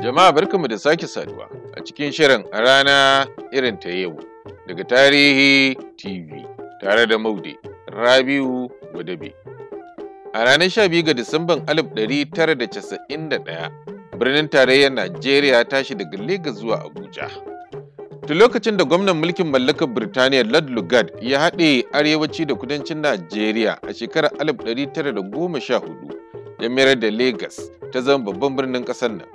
Jama'a barkanmu da sake saduwa a cikin shirin rana irin ta yau daga Tarihi TV tare da Maude Rabiu Wadabe. A ranar 12 ga Disamban 1991 birnin tarayyar Najeriya tashi daga Legas zuwa Abuja. Tun lokacin da gwamnan mulkin mallakar Birtaniya Lord Lugard ya haɗe arewaci da kudancin Najeriya a shekarar 1914 ya mayar da Legas ta zama babban birnin ƙasar nan.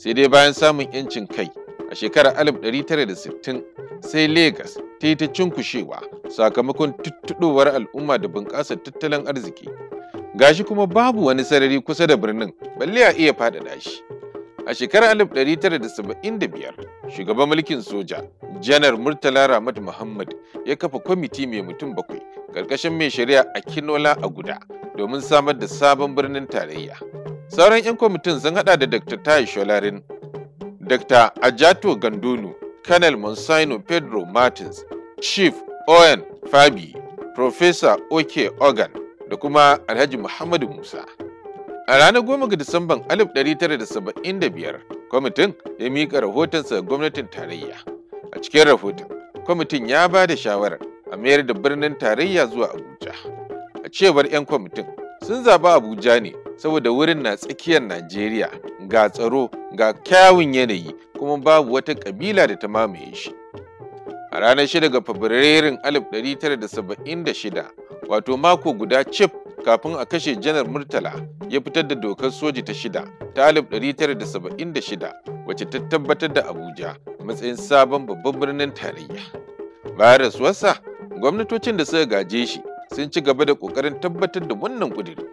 sai dai bayan samun 'yancin kai a shekarar 1960 sai Lagos ta yi ta cunkushewa sakamakon tuttuɗowar al'umma da bunƙasar tattalin arziki. Gashi kuma babu wani sarari kusa da birnin balle a iya faɗaɗa shi. A shekarar 1975 shugaban mulkin soja janar Murtala Ramat Muhammad ya kafa kwamiti mai mutum bakwai karkashin mai shari'a a kinola a guda domin samar da sabon birnin tarayya. Sauran 'yan kwamitin sun hada da Dr. Tai Sholarin, Dr. Ajato Gandunu, kanel Monsaino Pedro Martins, Chief Owen Fabi, Professor Oke Ogan da kuma Alhaji Muhammadu Musa. A ranar goma ga Disamban 1975, kwamitin ya miƙa rahotonsa ga gwamnatin tarayya. A cikin rahoton, kwamitin ya ba da shawarar a mayar da birnin tarayya zuwa Abuja. A cewar 'yan kwamitin, sun zaɓi Abuja ne saboda wurin na tsakiyar Najeriya ga tsaro ga kyawun yanayi kuma babu wata kabila da ta mamaye shi. A ranar 6 ga Fabrairun 1976 wato mako guda cif kafin a kashe janar murtala ya fitar da dokar soji ta shida ta 1976 wacce ta tabbatar da abuja matsayin sabon babban birnin tarayya bayan rasuwarsa gwamnatocin da suka gaje shi sun ci gaba da ƙoƙarin tabbatar da wannan ƙudiri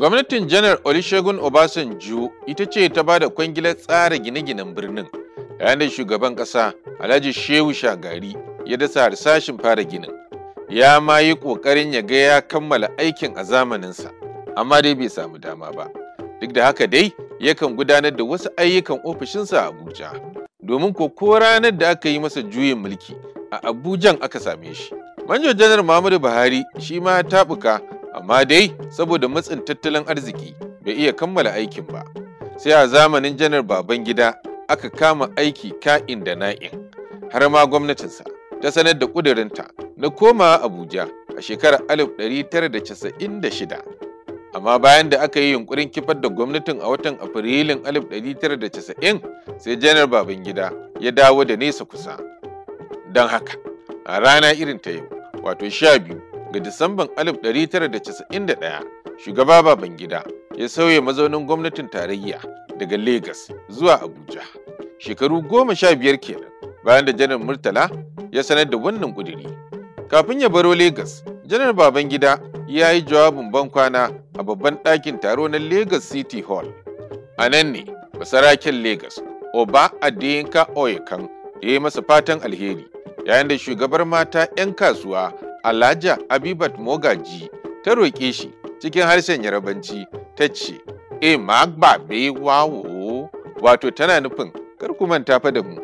Gwamnatin Janar Olusegun Obasanjo ita ce ta ba da kwangilar tsara gine-ginen birnin, yanar shugaban ƙasa Alhaji Shehu Shagari ya dasa harsashin fara ginin. Ya ma yi ƙoƙarin ya ga ya kammala aikin a zamaninsa, amma dai bai samu dama ba. Duk da haka dai yakan gudanar da wasu ayyukan ofishinsa a Abuja. Domin ko ko ranar da aka yi masa juyin mulki a Abujan aka same shi. Manjo Janar Muhammadu Buhari shi ma ya buka amma dai saboda matsin tattalin arziki bai iya kammala aikin ba sai a zamanin janar baban gida aka kama aiki ka'in da na'in har ma gwamnatinsa ta sanar da ƙudurinta na komawa abuja a shekarar 1996 amma bayan da aka yi yunkurin kifar da gwamnatin a watan afrilun 1990 sai janar baban gida ya dawo da nesa kusa don haka a rana irin ta yau wato sha biyu ga Disamban 1991 shugaba Babangida ya sauya mazaunin gwamnatin tarayya daga Legas zuwa Abuja. Shekaru goma sha biyar kenan bayan da janar Murtala ya sanar da wannan ƙuduri. Kafin ya baro Legas, janar Babangida ya yi jawabin bankwana a babban ɗakin taro na Legas City Hall. A nan ne basaraken Legas, Oba Adeyinka Oyekan ya yi masa fatan alheri, yayin da shugabar mata 'yan kasuwa Alhaja Abibat Mogaji ta roƙe shi cikin harshen Yarabanci ta ce, "E be wawo" wato tana nufin kar ku manta fa da mu.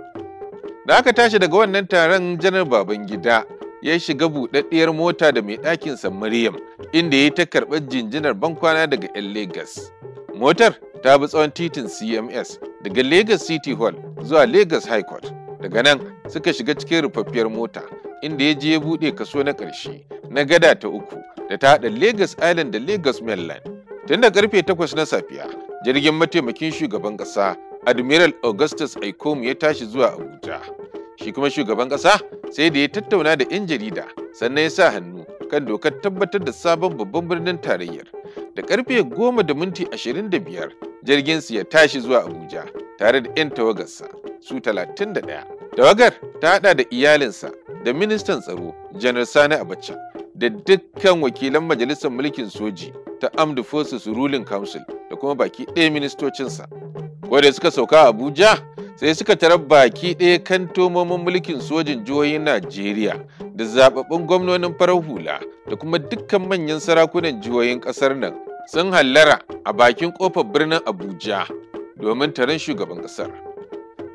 Da aka tashi daga wannan taron janar Babangida ya shiga buɗaɗɗiyar mota da mai ɗakin ɗakinsa Maryam inda ya ta karɓar jinjinar bankwana daga 'yan Legas. Motar ta bi tsawon titin CMS daga Lagos City Hall zuwa Lagos High Court. Daga nan suka shiga cikin rufaffiyar mota inda ya je ya buɗe kaso na ƙarshe na gada ta uku da ta haɗa Lagos Island da Lagos Mainland. Tun da karfe takwas na safiya, jirgin mataimakin shugaban ƙasa Admiral Augustus Aikomu ya tashi zuwa Abuja. Shi kuma shugaban ƙasa sai da ya tattauna da 'yan jarida sannan ya sa hannu kan dokar tabbatar da sabon babban birnin tarayyar. Da karfe goma da minti ashirin da biyar jirginsu ya tashi zuwa Abuja tare da 'yan tawagarsa. su 31. Tawagar ta haɗa da iyalinsa da ministan tsaro janar Sani Abacha da dukkan wakilan majalisar mulkin soji ta Armed Forces Ruling Council da kuma baki ɗaya ministocinsa. Wadda suka sauka Abuja sai suka tara baki ɗaya kan tomomin mulkin sojin jihohin Najeriya da zababbun gwamnonin farar hula da kuma dukkan manyan sarakunan jihohin ƙasar nan sun hallara a bakin ƙofar birnin Abuja domin taron shugaban ƙasar.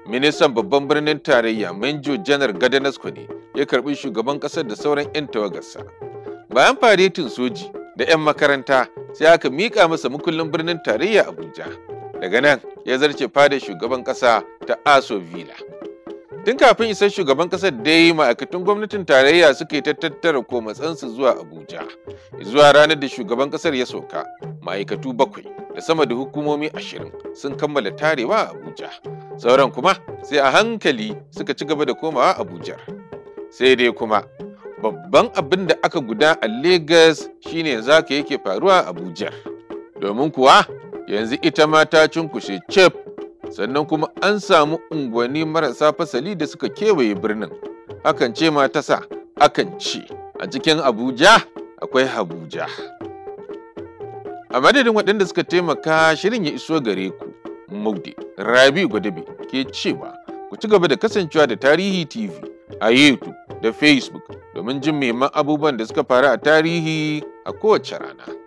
ministan babban birnin tarayya manjo janar gadanasko ne ya karɓi shugaban ƙasar da sauran 'yan tawagarsa bayan faretin soji da 'yan makaranta sai aka miƙa masa mukullin birnin tarayya abuja daga nan ya zarce fada shugaban ƙasa ta aso villa tun kafin isar shugaban kasar yi ma'aikatan gwamnatin tarayya suka yi ta tattara komatsansu zuwa abuja zuwa ranar da shugaban ƙasar ya sauka ma'aikatu bakwai da sama da hukumomi ashirin sun kammala tarewa a abuja sauran kuma sai a hankali suka ci gaba da komawa abuja sai dai kuma babban abin da aka guda a lagos shine zaka yake faruwa abuja domin kuwa yanzu ita ma ta cunkushe cef sannan kuma an samu unguwanni marasa fasali da suka kewaye birnin akan ce ma sa akan ce a cikin abuja akwai habuja a madadin waɗanda suka taimaka shirin ya iso gare ku mugde Rabi Gwadabe ke cewa ku ci gaba da kasancewa da Tarihi TV a YouTube da Facebook domin jin muhimman abubuwan da suka faru a tarihi a kowace rana.